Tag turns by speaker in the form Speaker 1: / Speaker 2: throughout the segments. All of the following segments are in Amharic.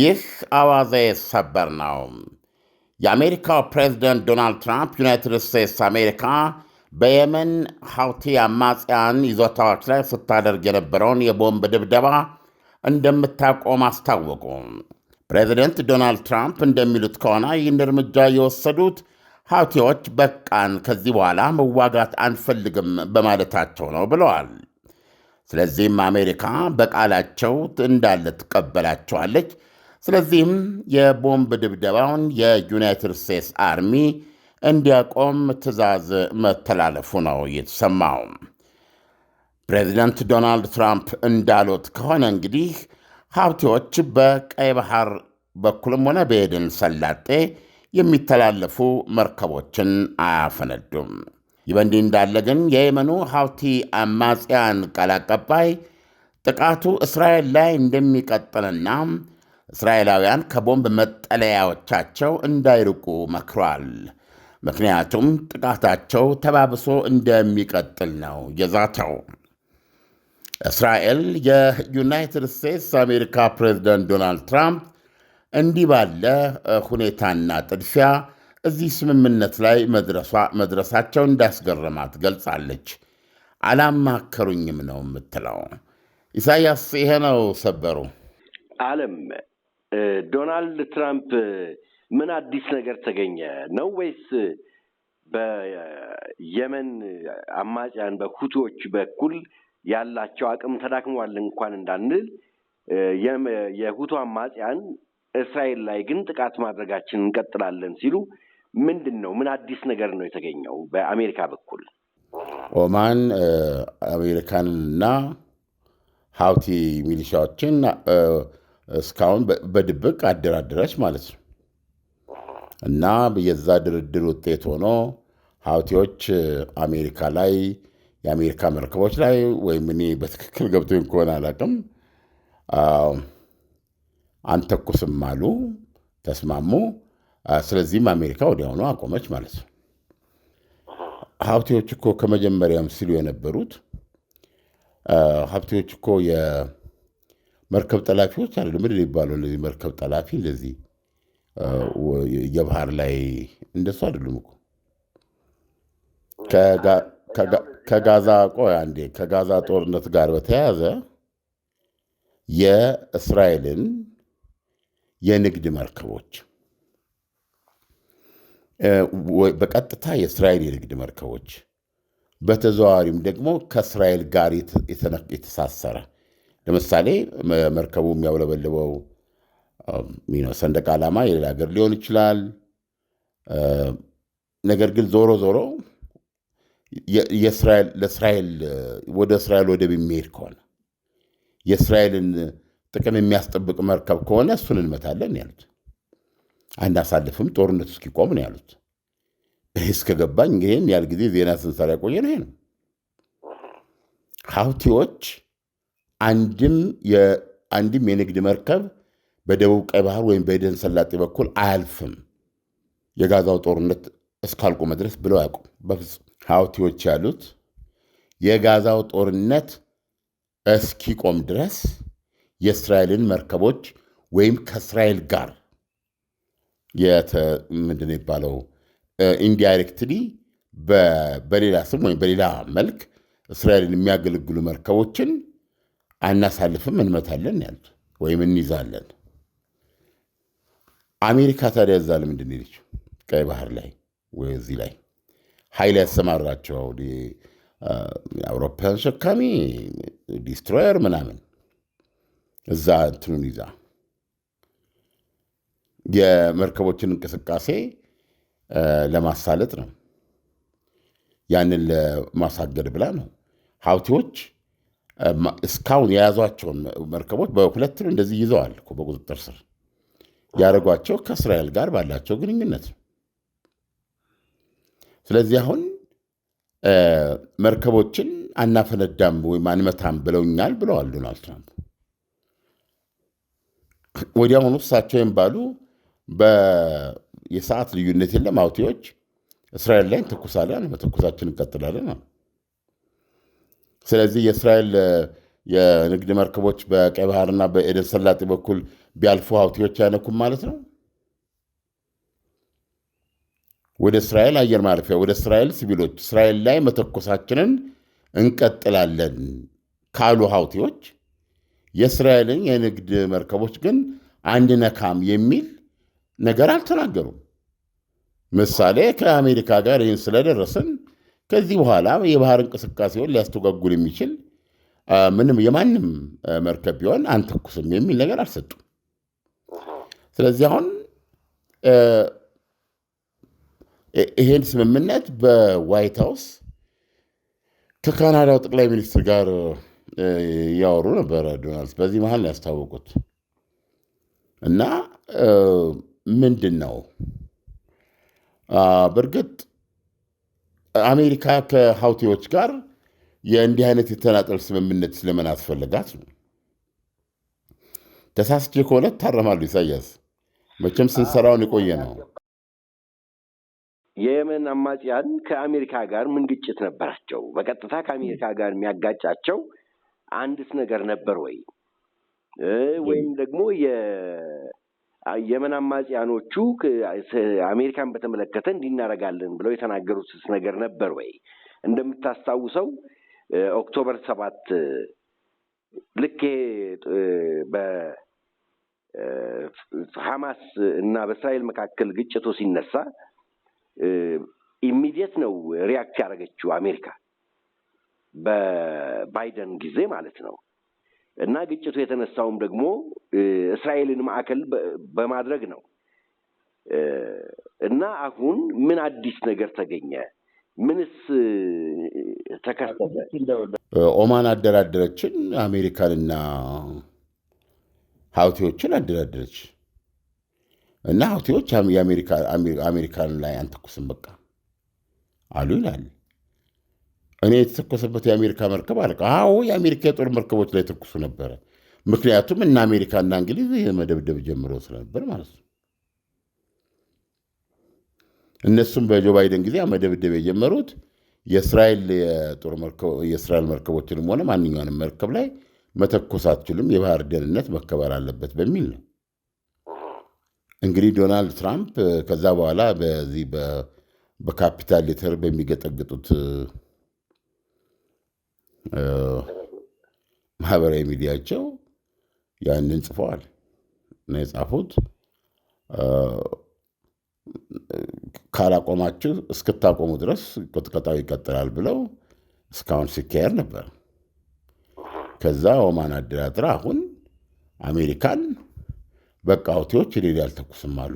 Speaker 1: ይህ አዋዜ ሰበር ነው። የአሜሪካው ፕሬዝደንት ዶናልድ ትራምፕ ዩናይትድ ስቴትስ አሜሪካ በየመን ሐውቲ አማጽያን ይዞታዎች ላይ ስታደርግ የነበረውን የቦምብ ድብደባ እንደምታቆም አስታወቁ። ፕሬዝደንት ዶናልድ ትራምፕ እንደሚሉት ከሆነ ይህን እርምጃ የወሰዱት ሐውቲዎች በቃን፣ ከዚህ በኋላ መዋጋት አንፈልግም በማለታቸው ነው ብለዋል። ስለዚህም አሜሪካ በቃላቸው እንዳለ ትቀበላቸዋለች ስለዚህም የቦምብ ድብደባውን የዩናይትድ ስቴትስ አርሚ እንዲያቆም ትዕዛዝ መተላለፉ ነው የተሰማው። ፕሬዚደንት ዶናልድ ትራምፕ እንዳሉት ከሆነ እንግዲህ ሀብቴዎች በቀይ ባህር በኩልም ሆነ በኤደን ሰላጤ የሚተላለፉ መርከቦችን አያፈነዱም። ይህ በእንዲህ እንዳለ ግን የየመኑ ሀውቲ አማጽያን ቃል አቀባይ ጥቃቱ እስራኤል ላይ እንደሚቀጥልና እስራኤላውያን ከቦምብ መጠለያዎቻቸው እንዳይርቁ መክሯል። ምክንያቱም ጥቃታቸው ተባብሶ እንደሚቀጥል ነው የዛተው። እስራኤል የዩናይትድ ስቴትስ አሜሪካ ፕሬዚደንት ዶናልድ ትራምፕ እንዲህ ባለ ሁኔታና ጥድፊያ እዚህ ስምምነት ላይ መድረሳቸው እንዳስገረማት ገልጻለች። አላማከሩኝም ነው የምትለው። ኢሳያስ፣ ይሄ ነው ሰበሩ
Speaker 2: አለም ዶናልድ ትራምፕ ምን አዲስ ነገር ተገኘ ነው ወይስ በየመን አማጽያን በሁቲዎች በኩል ያላቸው አቅም ተዳክሟል እንኳን እንዳንል የሁቱ አማጽያን እስራኤል ላይ ግን ጥቃት ማድረጋችን እንቀጥላለን ሲሉ ምንድን ነው? ምን አዲስ ነገር ነው የተገኘው? በአሜሪካ በኩል
Speaker 3: ኦማን አሜሪካንና ሀውቲ ሚሊሻዎችን እስካሁን በድብቅ አደራደረች ማለት ነው እና የዛ ድርድር ውጤት ሆኖ ሀውቲዎች አሜሪካ ላይ የአሜሪካ መርከቦች ላይ ወይም እኔ በትክክል ገብቶኝ ከሆነ አላቅም አንተኩስም አሉ፣ ተስማሙ። ስለዚህም አሜሪካ ወዲያውኑ አቆመች ማለት ነው። ሀብቴዎች እኮ ከመጀመሪያም ሲሉ የነበሩት ሀብቴዎች እኮ መርከብ ጠላፊዎች አሉ ምን ይባለው እንደዚህ መርከብ ጠላፊ እንደዚህ የባህር ላይ እንደሱ አይደሉም እኮ ከጋዛ ቆ አንዴ ከጋዛ ጦርነት ጋር በተያያዘ የእስራኤልን የንግድ መርከቦች በቀጥታ የእስራኤል የንግድ መርከቦች በተዘዋዋሪም ደግሞ ከእስራኤል ጋር የተሳሰረ ለምሳሌ መርከቡ የሚያውለበልበው ሰንደቅ ዓላማ የሌላ ሀገር ሊሆን ይችላል። ነገር ግን ዞሮ ዞሮ ለእስራኤል ወደ እስራኤል ወደብ የሚሄድ ከሆነ የእስራኤልን ጥቅም የሚያስጠብቅ መርከብ ከሆነ እሱን እንመታለን ያሉት፣ አናሳልፍም፣ ጦርነቱ እስኪቆም ነው ያሉት። ይህ እስከገባኝ ይህን ያህል ጊዜ ዜና ስንሰራ ነው ይሄ ነው ሀውቲዎች አንድም የንግድ መርከብ በደቡብ ቀይ ባህር ወይም በኤደን ሰላጤ በኩል አያልፍም የጋዛው ጦርነት እስካልቆመ ድረስ ብለው አያውቁም በፍጹም። ሀውቲዎች ያሉት የጋዛው ጦርነት እስኪቆም ድረስ የእስራኤልን መርከቦች ወይም ከእስራኤል ጋር ምንድን ይባለው ኢንዳይሬክትሊ በሌላ ስም ወይም በሌላ መልክ እስራኤልን የሚያገለግሉ መርከቦችን አናሳልፍም፣ እንመታለን ያሉት ወይም እንይዛለን። አሜሪካ ታዲያ እዛ ለምንድን ሄደችው? ቀይ ባህር ላይ ወይ እዚህ ላይ ኃይል ያሰማራቸው አውሮፓውያን ሸካሚ ዲስትሮየር ምናምን እዛ እንትኑን ይዛ የመርከቦችን እንቅስቃሴ ለማሳለጥ ነው። ያንን ለማሳገድ ብላ ነው ሀውቲዎች እስካሁን የያዟቸውን መርከቦች በሁለትን እንደዚህ ይዘዋል እኮ በቁጥጥር ስር ያደረጓቸው ከእስራኤል ጋር ባላቸው ግንኙነት ነው። ስለዚህ አሁን መርከቦችን አናፈነዳም ወይም አንመታም ብለውኛል ብለዋል ዶናልድ ትራምፕ። ወዲያውኑ እሳቸው የሚባሉ የሰዓት ልዩነት የለም አውቴዎች እስራኤል ላይ ተኩሳለን፣ መተኩሳችን እንቀጥላለን። ስለዚህ የእስራኤል የንግድ መርከቦች በቀይ ባህርና በኤደን ሰላጤ በኩል ቢያልፉ ሀውቲዎች አይነኩም ማለት ነው። ወደ እስራኤል አየር ማረፊያ፣ ወደ እስራኤል ሲቪሎች፣ እስራኤል ላይ መተኮሳችንን እንቀጥላለን ካሉ ሀውቲዎች የእስራኤልን የንግድ መርከቦች ግን አንድ ነካም የሚል ነገር አልተናገሩም። ምሳሌ ከአሜሪካ ጋር ይህን ስለደረስን ከዚህ በኋላ የባህር እንቅስቃሴውን ሊያስተጓጉል የሚችል ምንም የማንም መርከብ ቢሆን አንተኩስም የሚል ነገር አልሰጡም። ስለዚህ አሁን ይሄን ስምምነት በዋይት ሀውስ ከካናዳው ጠቅላይ ሚኒስትር ጋር እያወሩ ነበረ ዶናልድ። በዚህ መሀል ያስታወቁት። እና ምንድን ነው በእርግጥ አሜሪካ ከሀውቲዎች ጋር የእንዲህ አይነት የተናጠል ስምምነት ስለምን አስፈለጋት ተሳስቼ ከሆነ ታረማሉ። ኢሳያስ መቼም ስንሰራውን የቆየ ነው።
Speaker 2: የየመን አማጽያን ከአሜሪካ ጋር ምን ግጭት ነበራቸው? በቀጥታ ከአሜሪካ ጋር የሚያጋጫቸው አንድስ ነገር ነበር ወይ? ወይም ደግሞ የመን አማጽያኖቹ አሜሪካን በተመለከተ እንዲናረጋለን ብለው የተናገሩት ነገር ነበር ወይ? እንደምታስታውሰው ኦክቶበር ሰባት ልክ በሐማስ እና በእስራኤል መካከል ግጭቱ ሲነሳ ኢሚዲየት ነው ሪያክት ያደረገችው አሜሪካ በባይደን ጊዜ ማለት ነው። እና ግጭቱ የተነሳውም ደግሞ እስራኤልን ማዕከል በማድረግ ነው። እና አሁን ምን አዲስ ነገር ተገኘ? ምንስ ተከሰተ?
Speaker 3: ኦማን አደራደረችን፣ አሜሪካንና ሀውቴዎችን አደራደረች። እና ሀውቴዎች አሜሪካን ላይ አንተኩስም በቃ አሉ ይላል። እኔ የተተኮሰበት የአሜሪካ መርከብ አለ። አዎ የአሜሪካ የጦር መርከቦች ላይ ተኩሱ ነበረ። ምክንያቱም እና አሜሪካና እንግሊዝ ይህ መደብደብ ጀምሮ ስለነበር ማለት ነው። እነሱም በጆ ባይደን ጊዜ መደብደብ የጀመሩት የእስራኤል መርከቦችንም ሆነ ማንኛውንም መርከብ ላይ መተኮስ የባህር ደህንነት መከበር አለበት በሚል ነው። እንግዲህ ዶናልድ ትራምፕ ከዛ በኋላ በዚህ በካፒታል ሌተር በሚገጠግጡት ማህበራዊ ሚዲያቸው ያንን ጽፈዋል እና የጻፉት ካላቆማችሁ እስክታቆሙ ድረስ ቅጥቀጣው ይቀጥላል ብለው እስካሁን ሲካሄድ ነበር። ከዛ ኦማን አደራድራ አሁን አሜሪካን በቃ ሁቲዎች ሌላ አልተኩስም አሉ።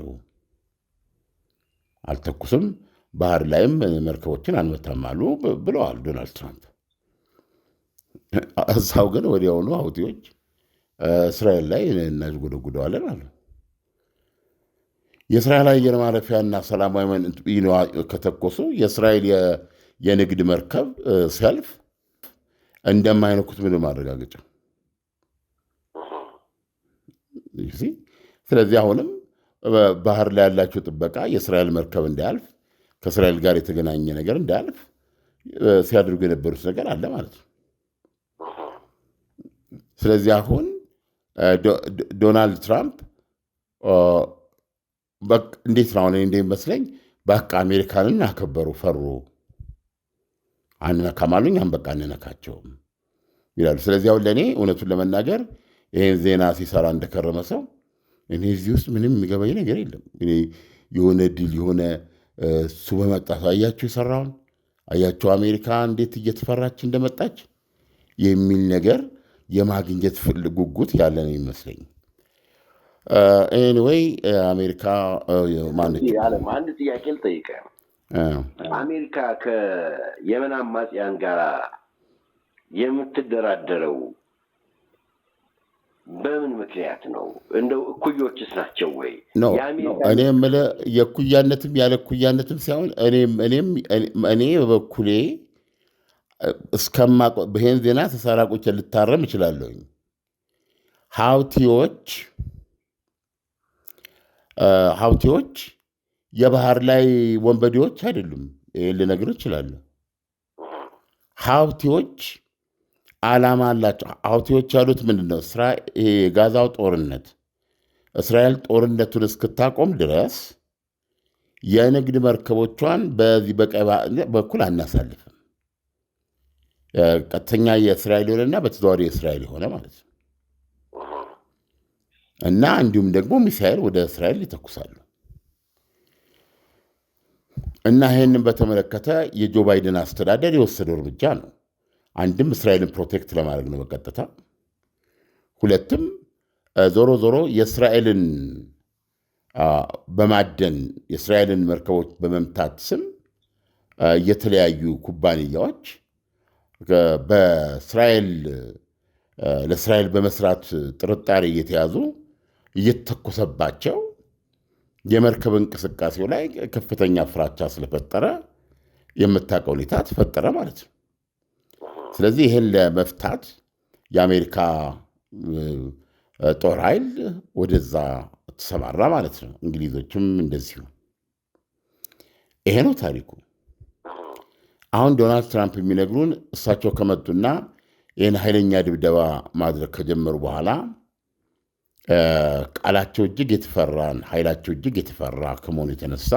Speaker 3: አልተኩስም፣ ባህር ላይም መርከቦችን አንመታም አሉ ብለዋል ዶናልድ ትራምፕ። እዛው ግን ወዲያውኑ ሀውቲዎች እስራኤል ላይ እናጉደጉደዋለን አሉ። የእስራኤል አየር ማረፊያና ሰላማዊ ከተኮሱ የእስራኤል የንግድ መርከብ ሲያልፍ እንደማይነኩት ምን ማረጋገጫ። ስለዚህ አሁንም ባህር ላይ ያላቸው ጥበቃ የእስራኤል መርከብ እንዳያልፍ፣ ከእስራኤል ጋር የተገናኘ ነገር እንዳያልፍ ሲያደርጉ የነበሩት ነገር አለ ማለት ነው። ስለዚህ አሁን ዶናልድ ትራምፕ እንዴት ነው አሁን እንደሚመስለኝ በቃ አሜሪካንን አከበሩ፣ ፈሩ። አንነካም አሉ፣ እኛም በቃ አንነካቸውም ይላሉ። ስለዚህ አሁን ለእኔ እውነቱን ለመናገር ይህን ዜና ሲሰራ እንደከረመ ሰው እኔ እዚህ ውስጥ ምንም የሚገባኝ ነገር የለም። የሆነ ድል የሆነ እሱ በመጣቱ አያችሁ የሰራውን አያቸው አሜሪካ እንዴት እየተፈራች እንደመጣች የሚል ነገር የማግኘት ጉጉት ነው ይመስለኝ። ኤኒዌይ አሜሪካ ማነች?
Speaker 2: አንድ ጥያቄ ልጠይቀ። አሜሪካ ከየመን አማጽያን ጋር የምትደራደረው በምን ምክንያት ነው? እንደው እኩዮችስ ናቸው ወይ?
Speaker 3: እኔ የምልህ የእኩያነትም ያለ እኩያነትም ሳይሆን እኔም እኔ በበኩሌ እስከማቆ ይሄን ዜና ስሰራ ቁጭ ልታረም እችላለሁኝ። ሀውቲዎች ሀውቲዎች የባህር ላይ ወንበዴዎች አይደሉም። ይህን ልነግር እችላለሁ። ሀውቲዎች ዓላማ አላቸው። ሀውቲዎች ያሉት ምንድን ነው? ይሄ የጋዛው ጦርነት እስራኤል ጦርነቱን እስክታቆም ድረስ የንግድ መርከቦቿን በዚህ በቀይ በኩል አናሳልፍም ቀጥተኛ የእስራኤል የሆነና በተዘዋሪ የእስራኤል የሆነ ማለት ነው እና እንዲሁም ደግሞ ሚሳኤል ወደ እስራኤል ይተኩሳሉ እና ይህንን በተመለከተ የጆ ባይደን አስተዳደር የወሰደው እርምጃ ነው። አንድም እስራኤልን ፕሮቴክት ለማድረግ ነው በቀጥታ ሁለትም ዞሮ ዞሮ የእስራኤልን በማደን የእስራኤልን መርከቦች በመምታት ስም የተለያዩ ኩባንያዎች በእስራኤል ለእስራኤል በመስራት ጥርጣሬ እየተያዙ እየተተኮሰባቸው የመርከብ እንቅስቃሴው ላይ ከፍተኛ ፍራቻ ስለፈጠረ የምታውቀው ሁኔታ ተፈጠረ ማለት ነው። ስለዚህ ይህን ለመፍታት የአሜሪካ ጦር ኃይል ወደዛ ተሰማራ ማለት ነው። እንግሊዞችም እንደዚሁ። ይሄ ነው ታሪኩ። አሁን ዶናልድ ትራምፕ የሚነግሩን እሳቸው ከመጡና ይህን ኃይለኛ ድብደባ ማድረግ ከጀመሩ በኋላ ቃላቸው እጅግ የተፈራን ኃይላቸው እጅግ የተፈራ ከመሆኑ የተነሳ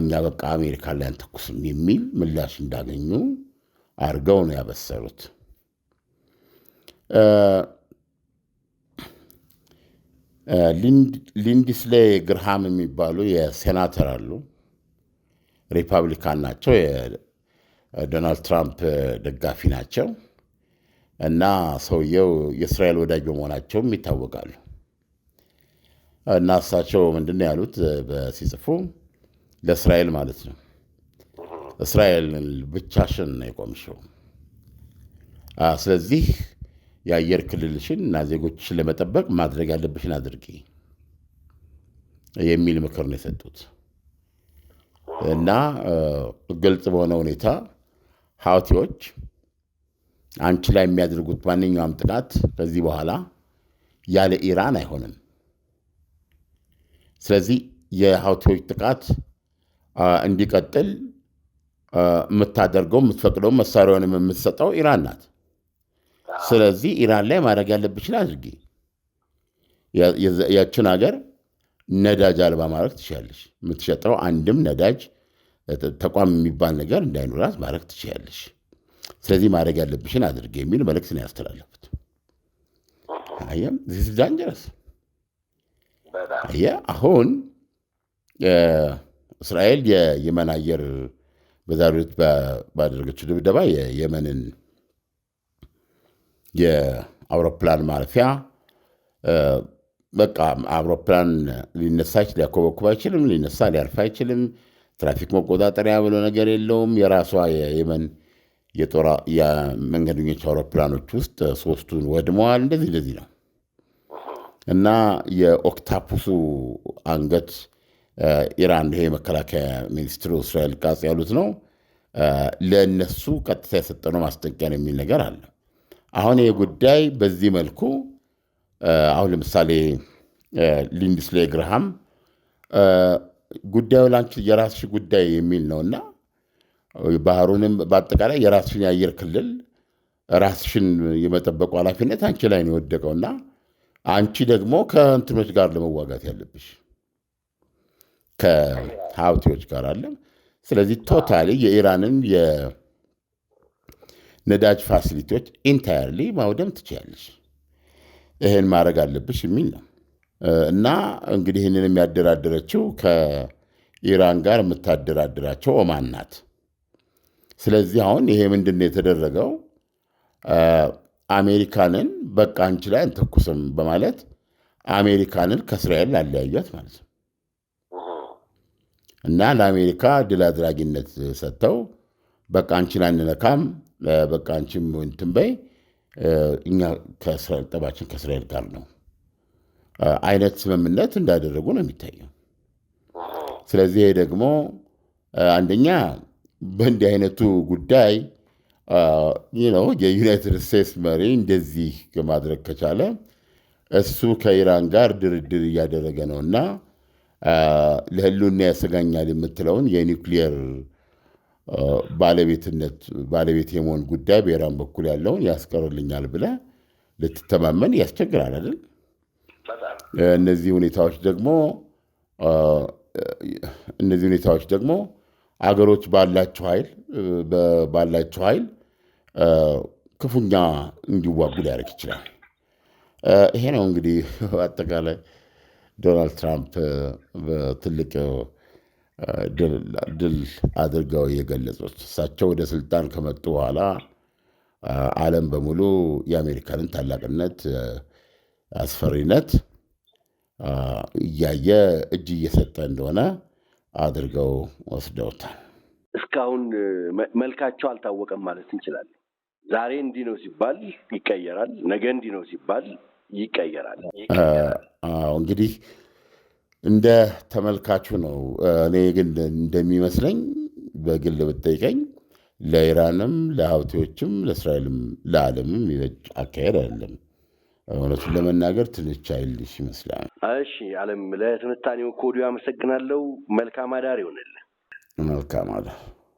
Speaker 3: እኛ በቃ አሜሪካ ላይ አንተኩስም የሚል ምላሽ እንዳገኙ አድርገው ነው ያበሰሩት። ሊንድስሌ ግርሃም የሚባሉ የሴናተር አሉ። ሪፐብሊካን ናቸው፣ የዶናልድ ትራምፕ ደጋፊ ናቸው እና ሰውየው የእስራኤል ወዳጅ በመሆናቸውም ይታወቃሉ። እና እሳቸው ምንድን ነው ያሉት ሲጽፉ ለእስራኤል ማለት ነው እስራኤል ብቻሽን ነው የቆምሽው። ስለዚህ የአየር ክልልሽን እና ዜጎችሽን ለመጠበቅ ማድረግ ያለብሽን አድርጊ የሚል ምክር ነው የሰጡት። እና ግልጽ በሆነ ሁኔታ ሀውቲዎች አንቺ ላይ የሚያደርጉት ማንኛውም ጥቃት ከዚህ በኋላ ያለ ኢራን አይሆንም። ስለዚህ የሀውቲዎች ጥቃት እንዲቀጥል የምታደርገው የምትፈቅደው መሳሪያውንም የምትሰጠው ኢራን ናት። ስለዚህ ኢራን ላይ ማድረግ ያለብሽን አድርጊ። ያችን ሀገር ነዳጅ አልባ ማድረግ ትችላለች። የምትሸጠው አንድም ነዳጅ ተቋም የሚባል ነገር እንዳይኖራት ማድረግ ትችላለች። ስለዚህ ማድረግ ያለብሽን አድርግ የሚል መልእክት ነው ያስተላለፉት። አየህ ዳንጀረስ። አሁን እስራኤል የየመን አየር በዛሬው ዕለት ባደረገችው ድብደባ የየመንን የአውሮፕላን ማረፊያ በቃ አውሮፕላን ሊነሳ ሊያኮበኩብ አይችልም፣ ሊነሳ ሊያርፍ አይችልም። ትራፊክ መቆጣጠሪያ ብሎ ነገር የለውም። የራሷ የየመን የጦር የመንገደኞች አውሮፕላኖች ውስጥ ሶስቱን ወድመዋል። እንደዚህ እንደዚህ ነው እና የኦክታፑሱ አንገት ኢራን ይሄ መከላከያ ሚኒስትሩ እስራኤል ቃጽ ያሉት ነው። ለእነሱ ቀጥታ የሰጠነው ማስጠንቀቂያ የሚል ነገር አለ። አሁን ይህ ጉዳይ በዚህ መልኩ አሁን ለምሳሌ ሊንድስሌ ግርሃም ጉዳዩ ላንቺ የራስሽ ጉዳይ የሚል እና ባህሩንም በአጠቃላይ የራስሽን የአየር ክልል ራስሽን የመጠበቁ ኃላፊነት አንቺ ላይ ነው የወደቀውና አንቺ ደግሞ ከእንትኖች ጋር ለመዋጋት ያለብሽ ከሀውቲዎች ጋር አለ። ስለዚህ ቶታሊ የኢራንን የነዳጅ ፋሲሊቲዎች ኢንታየርሊ ማውደም ትችላለች። ይሄን ማድረግ አለብሽ የሚል ነው እና እንግዲህ ይህንን የሚያደራደረችው ከኢራን ጋር የምታደራድራቸው ኦማን ናት። ስለዚህ አሁን ይሄ ምንድን ነው የተደረገው? አሜሪካንን በቃ አንቺ ላይ አንተኩስም በማለት አሜሪካንን ከእስራኤል አለያዩት ማለት ነው እና ለአሜሪካ ድል አድራጊነት ሰጥተው በቃ አንቺን አንነካም፣ በቃ አንቺም እንትን በይ እኛ ጠባችን ከእስራኤል ጋር ነው አይነት ስምምነት እንዳደረጉ ነው የሚታየው። ስለዚህ ደግሞ አንደኛ በእንዲህ አይነቱ ጉዳይ የዩናይትድ ስቴትስ መሪ እንደዚህ ማድረግ ከቻለ እሱ ከኢራን ጋር ድርድር እያደረገ ነውና ለህልውና ያሰጋኛል የምትለውን የኒውክሊየር ባለቤትነት ባለቤት የመሆን ጉዳይ ብሔራን በኩል ያለውን ያስቀርልኛል ብለ ልትተማመን ያስቸግራል አይደል? እነዚህ ሁኔታዎች ደግሞ እነዚህ ሁኔታዎች ደግሞ አገሮች ባላቸው ኃይል ባላቸው ኃይል ክፉኛ እንዲዋጉ ሊያደርግ ይችላል። ይሄ ነው እንግዲህ አጠቃላይ ዶናልድ ትራምፕ በትልቅ ድል አድርገው የገለጹት። እሳቸው ወደ ስልጣን ከመጡ በኋላ ዓለም በሙሉ የአሜሪካንን ታላቅነት፣ አስፈሪነት እያየ እጅ እየሰጠ እንደሆነ አድርገው ወስደውታል።
Speaker 2: እስካሁን መልካቸው አልታወቀም ማለት እንችላለን። ዛሬ እንዲህ ነው ሲባል ይቀየራል፣ ነገ እንዲህ ነው ሲባል ይቀየራል።
Speaker 3: እንግዲህ እንደ ተመልካቹ ነው። እኔ ግን እንደሚመስለኝ በግል ብጠይቀኝ ለኢራንም ለሀውቴዎችም ለእስራኤልም ለዓለምም ይበጅ አካሄድ አይደለም። እውነቱን ለመናገር ትንሽ አይልሽ ይመስላል።
Speaker 2: እሺ አለም፣ ለትንታኔው ኮዲዮ አመሰግናለሁ። መልካም አዳር ይሆንልን።
Speaker 3: መልካም አዳር